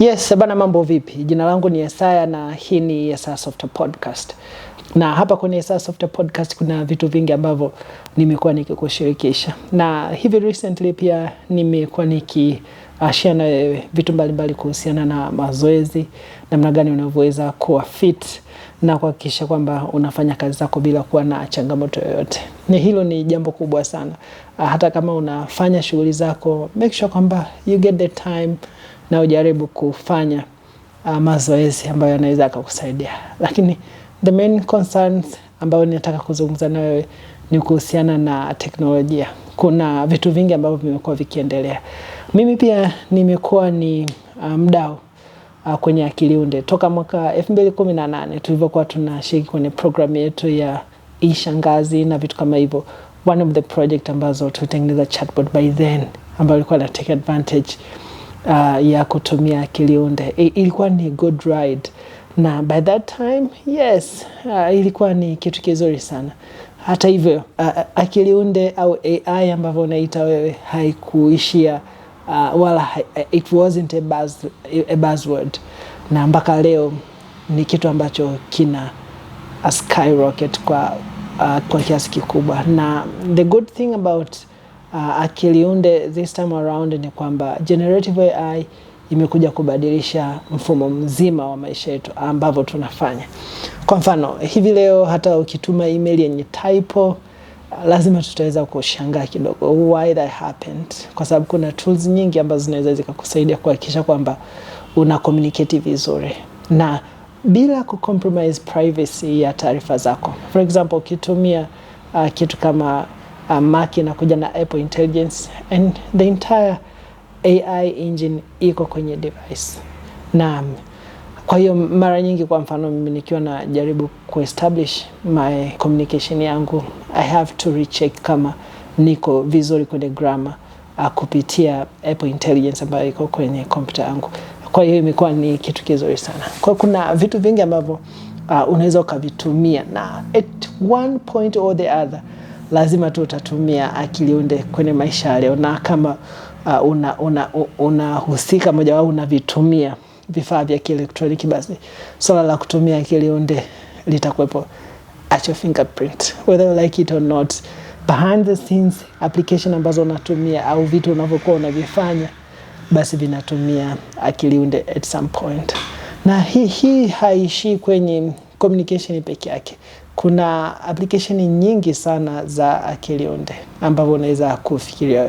Yes, bana mambo vipi? Jina langu ni Yesaya na hii ni Yesaya Software Podcast. Na hapa kwenye Yesaya Software Podcast kuna vitu vingi ambavyo nimekuwa nikikushirikisha. Na hivi recently pia nimekuwa niki ashia uh, na vitu mbalimbali kuhusiana na mazoezi, namna gani unavyoweza kuwa fit na kuhakikisha kwamba unafanya kazi zako bila kuwa na changamoto yoyote. Ni hilo ni jambo kubwa sana. Uh, hata kama unafanya shughuli zako, make sure kwamba you get the time na ujaribu kufanya uh, mazoezi ambayo yanaweza akakusaidia. Lakini the main concerns ambayo ninataka kuzungumza nayo ni kuhusiana na teknolojia. Kuna vitu vingi ambavyo vimekuwa vikiendelea. Mimi pia nimekuwa ni uh, mdau uh, kwenye Akili Unde toka mwaka 2018 tulivyokuwa tunashiriki kwenye programu yetu ya Ishangazi na vitu kama hivyo, one of the project ambazo tulitengeneza chatbot by then ambayo ilikuwa na take advantage uh, ya kutumia kiliunde I, ilikuwa ni good ride na by that time yes, uh, ilikuwa ni kitu kizuri sana. Hata hivyo uh, uh akiliunde au AI ambavyo unaita wewe haikuishia uh, wala uh, it wasn't a, buzz, a buzzword, na mpaka leo ni kitu ambacho kina a uh, skyrocket kwa, uh, kwa kiasi kikubwa na the good thing about uh, akiliunde this time around ni kwamba generative AI imekuja kubadilisha mfumo mzima wa maisha yetu ambavyo tunafanya. Kwa mfano, hivi leo hata ukituma email yenye typo uh, lazima tutaweza kushangaa kidogo why that happened, kwa sababu kuna tools nyingi ambazo zinaweza zikakusaidia kuhakikisha kwamba una communicate vizuri na bila ku compromise privacy ya taarifa zako. For example, ukitumia uh, kitu kama uh, Mac inakuja na Apple Intelligence and the entire AI engine iko kwenye device. Na Kwa hiyo mara nyingi, kwa mfano, mimi nikiwa najaribu kuestablish my communication yangu, I have to recheck kama niko vizuri kwenye grammar uh, kupitia Apple Intelligence ambayo iko kwenye kompyuta yangu. Kwa hiyo imekuwa ni kitu kizuri sana. Kwa hiyo kuna vitu vingi ambavyo uh, unaweza ukavitumia na at one point or the other lazima tu utatumia akili unde kwenye maisha ya leo, na kama uh, unahusika una, una moja wao unavitumia vifaa vya kielektroniki, basi swala la kutumia akili unde litakuwepo at your fingerprint whether you like it or not. Behind the scenes application ambazo unatumia au vitu unavyokuwa unavifanya basi vinatumia akili unde at some point, na hii hii haishii kwenye communication peke yake kuna application nyingi sana za akili unde ambavyo unaweza kufikiria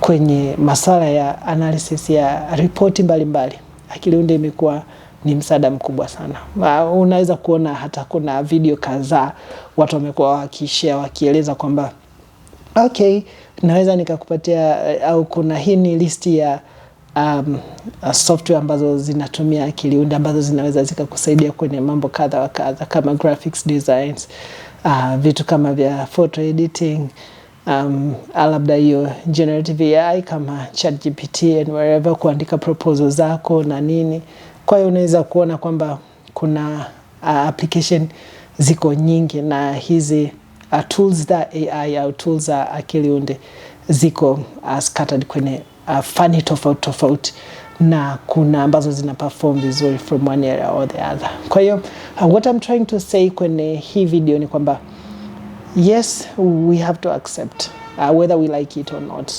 kwenye masuala ya analysis ya ripoti mbalimbali. Akili unde imekuwa ni msaada mkubwa sana. Unaweza kuona hata kuna video kadhaa watu wamekuwa wakishare wakieleza kwamba okay, naweza nikakupatia au kuna hii ni listi ya um, uh, software ambazo zinatumia akili unde ambazo zinaweza zikakusaidia kwenye mambo kadha wa kadha kama graphics designs, uh, vitu kama vya photo editing um, labda hiyo generative AI kama ChatGPT and wherever, kuandika proposal zako na nini. Kwa hiyo unaweza kuona kwamba kuna uh, application ziko nyingi na hizi uh, tools za AI au tools za akili unde ziko uh, scattered kwenye uh, fani tofauti tofauti na kuna ambazo zina perform vizuri from one area or the other. Kwa hiyo uh, what I'm trying to say kwenye hii video ni kwamba yes we have to accept uh, whether we like it or not,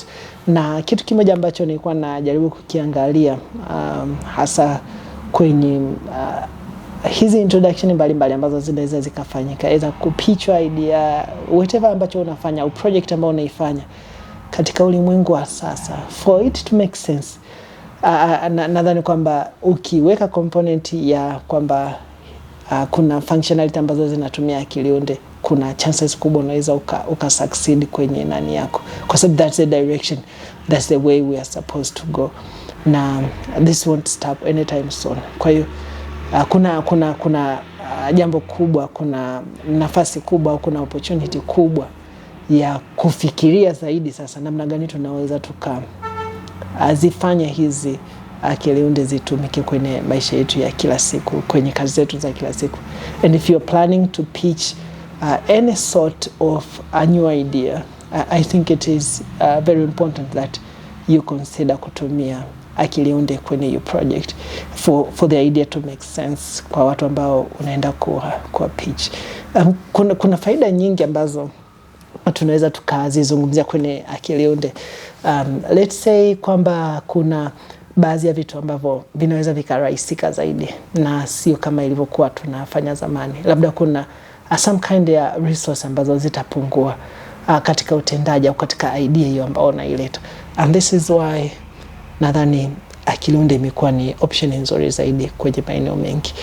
na kitu kimoja ambacho nilikuwa najaribu kukiangalia um, hasa kwenye uh, hizi introduction mbalimbali mbali ambazo zinaweza zikafanyika, either kupichwa idea whatever ambacho unafanya au project ambayo unaifanya katika ulimwengu wa sasa for it to make sense. Uh, nadhani na kwamba ukiweka component ya kwamba uh, kuna functionality ambazo zinatumia akili unde, kuna chances kubwa unaweza uka, uka succeed kwenye nani yako, kwa sababu that's the direction, that's the way we are supposed to go, na this won't stop anytime soon. Kwa hiyo uh, kuna kuna kuna uh, jambo kubwa, kuna nafasi kubwa, kuna opportunity kubwa ya kufikiria zaidi sasa namna gani tunaweza tukazifanya ah, hizi akili ah, unde zitumike kwenye maisha yetu ya kila siku, kwenye kazi zetu za kila siku. And if you're planning to pitch uh, any sort of a new idea, uh, I think it is uh, very important that you consider kutumia akili unde kwenye your project for, for the idea to make sense kwa watu ambao unaenda kuwa, kuwa pitch. Um, kuna, kuna faida nyingi ambazo tunaweza tukazizungumzia kwenye akili unde. Um, let's say kwamba kuna baadhi ya vitu ambavyo vinaweza vikarahisika zaidi na sio kama ilivyokuwa tunafanya zamani. Labda kuna uh, some kind ya resource ambazo zitapungua uh, katika utendaji au katika idea hiyo ambayo unaileta, and this is why nadhani akili unde imekuwa ni option nzuri zaidi kwenye maeneo mengi.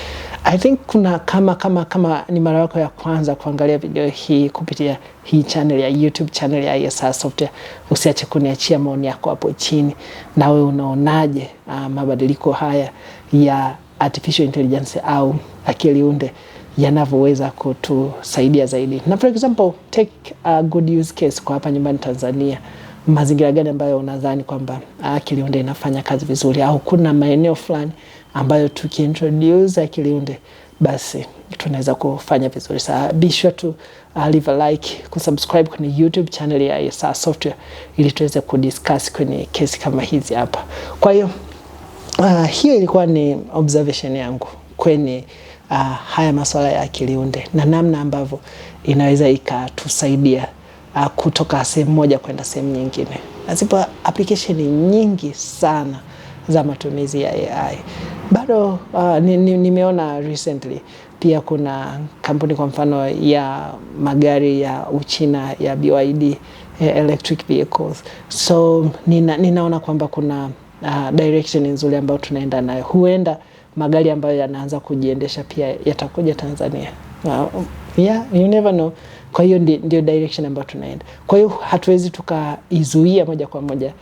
I think kuna kama kama kama ni mara yako ya kwanza kuangalia video hii kupitia hii channel ya YouTube channel ya ISR Software, usiache kuniachia maoni yako hapo chini. Na wewe unaonaje uh, mabadiliko haya ya artificial intelligence au akili unde yanavyoweza kutusaidia zaidi, na for example take a good use case kwa hapa nyumbani Tanzania mazingira gani ambayo unadhani kwamba ah, akili unde inafanya kazi vizuri au kuna maeneo fulani ambayo tukiintroduce akiliunde basi tunaweza kufanya vizuri sana. Be sure to uh, leave a like, kusubscribe kwenye YouTube channel ya Yesaya Software ili tuweze kudiscuss kwenye kesi kama hizi hapa. Kwa hiyo uh, hiyo ilikuwa ni observation yangu kwenye uh, haya masuala ya kiliunde na namna ambavyo inaweza ikatusaidia uh, kutoka sehemu moja kwenda sehemu nyingine. Zipo application nyingi sana za matumizi ya AI. Bado uh, nimeona recently pia kuna kampuni kwa mfano ya magari ya Uchina ya BYD eh, electric vehicles. So nina, ninaona kwamba kuna uh, direction nzuri ambayo tunaenda nayo. Huenda magari ambayo yanaanza kujiendesha pia yatakuja Tanzania. Uh, yeah, you never know. Kwa hiyo ndio direction ambayo tunaenda. Kwa hiyo hatuwezi tukaizuia moja kwa moja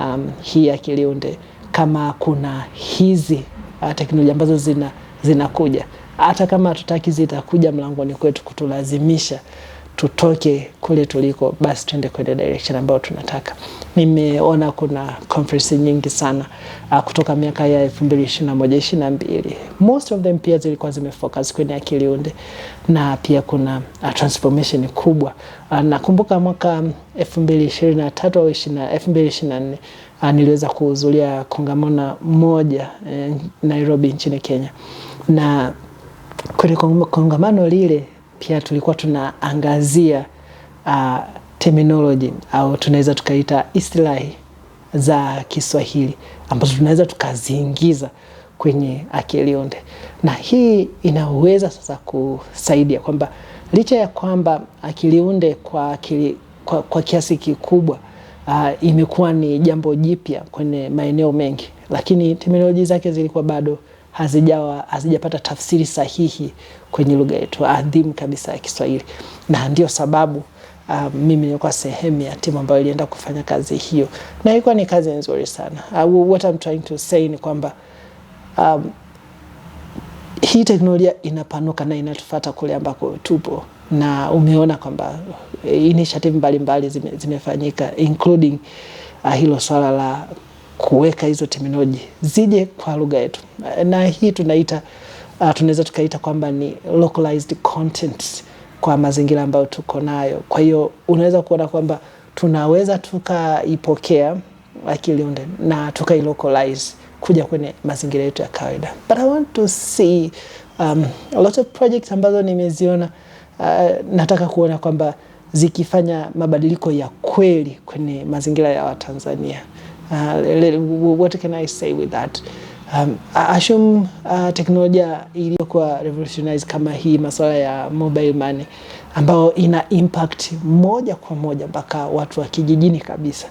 um, hii ya Kiliunde kama kuna hizi uh, teknolojia ambazo zina zinakuja, hata kama hatutaki, zitakuja mlangoni kwetu kutulazimisha tutoke kule tuliko, basi tuende kwenye direction ambayo tunataka. Nimeona kuna conference nyingi sana uh, kutoka miaka ya 2021 22, most of them pia zilikuwa zimefocus kwenye akili unde, na pia kuna uh, transformation kubwa uh, nakumbuka mwaka 2023 um, au 2024 Ah, niliweza kuhudhuria kongamano moja eh, Nairobi nchini Kenya, na kwenye kongamano lile pia tulikuwa tunaangazia uh, terminology au tunaweza tukaita istilahi za Kiswahili ambazo tunaweza tukaziingiza kwenye akiliunde na hii inaweza sasa kusaidia kwamba licha ya kwamba Akiliunde kwa, akili, kwa, kwa kiasi kikubwa uh, imekuwa ni jambo jipya kwenye maeneo mengi, lakini terminolojia zake zilikuwa bado hazijawa hazijapata tafsiri sahihi kwenye lugha yetu adhimu kabisa ya Kiswahili, na ndio sababu Uh, mimi nilikuwa sehemu ya timu ambayo ilienda kufanya kazi hiyo na ilikuwa ni kazi nzuri sana. Uh, what I'm trying to say ni kwamba um, hii teknolojia inapanuka na inatufata kule ambako tupo na umeona kwamba eh, initiative mbalimbali zime, zimefanyika including uh, hilo swala la kuweka hizo terminology zije kwa lugha yetu, eh, na hii tunaita uh, tunaweza tukaita kwamba ni localized content kwa mazingira ambayo tuko nayo. Kwa hiyo unaweza kuona kwamba tunaweza tukaipokea akili unde na tukailocalize kuja kwenye mazingira yetu ya kawaida, but I want to see um, a lot of projects ambazo nimeziona uh, nataka kuona kwamba zikifanya mabadiliko ya kweli kwenye mazingira ya Watanzania. Uh, what can I say with that? Um, ashum uh, teknolojia iliyokuwa revolutionize kama hii masuala ya mobile money ambayo ina impact moja kwa moja mpaka watu wa kijijini kabisa.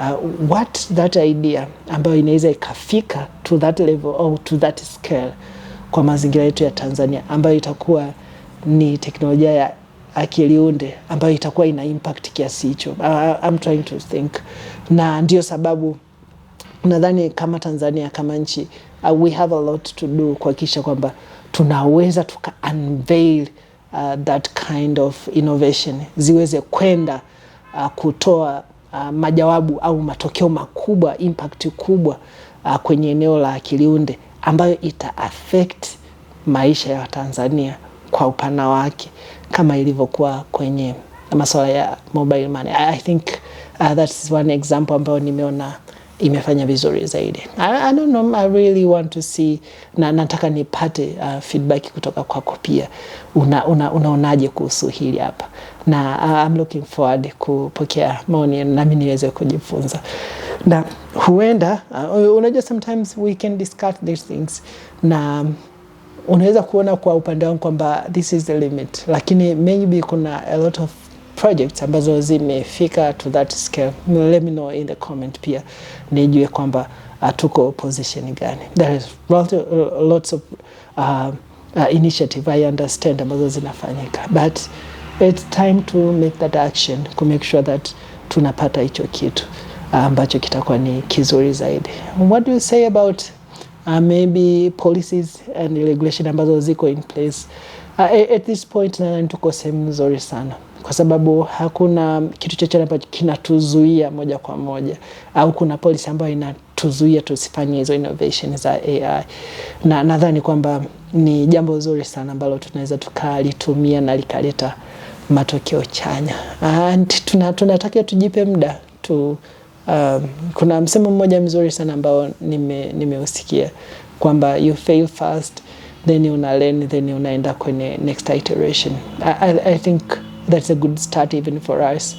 Uh, what that idea ambayo inaweza ikafika to that level or to that scale kwa mazingira yetu ya Tanzania ambayo itakuwa ni teknolojia ya akiliunde ambayo itakuwa ina impact kiasi hicho. Ah, I'm trying to think, na ndio sababu nadhani kama Tanzania kama nchi uh, we have a lot to do kuhakikisha kwamba tunaweza tuka unveil uh, that kind of innovation ziweze kwenda uh, kutoa uh, majawabu au matokeo makubwa, impact kubwa uh, kwenye eneo la akiliunde ambayo ita affect maisha ya Tanzania kwa upana wake kama ilivyokuwa kwenye masuala ya mobile money. I I think uh, that is one example ambayo nimeona imefanya vizuri zaidi. I, I don't know, I really want to see na nataka nipate uh, feedback kutoka kwako pia, unaonaje una, kuhusu hili hapa na uh, I'm looking forward kupokea maoni yenu nami niweze kujifunza na huenda uh, unajua sometimes we can discuss these things na unaweza kuona kwa upande wangu kwamba this is the limit, lakini maybe kuna a lot of projects ambazo zimefika to that scale. Let me know in the comment pia nijue kwamba uh, tuko position gani. There is uh, lots of uh, uh, initiative I understand ambazo zinafanyika but it's time to make that action to make sure that tunapata hicho kitu uh, ambacho kitakuwa ni kizuri zaidi. What do you say about uh, maybe policies and regulation ambazo ziko in place uh, at this point nadhani tuko sehemu nzuri sana kwa sababu hakuna kitu chochote ambacho kinatuzuia moja kwa moja au kuna policy ambayo inatuzuia tusifanye hizo innovation za AI, na nadhani kwamba ni jambo zuri sana ambalo tunaweza tukalitumia na likaleta matokeo chanya, and tunatakiwa tujipe muda tu Um, kuna msemo mmoja mzuri sana ambao nimeusikia nime kwamba you fail fast then you learn then unaenda kwenye next iteration. I, I, I think that's a good start even for us.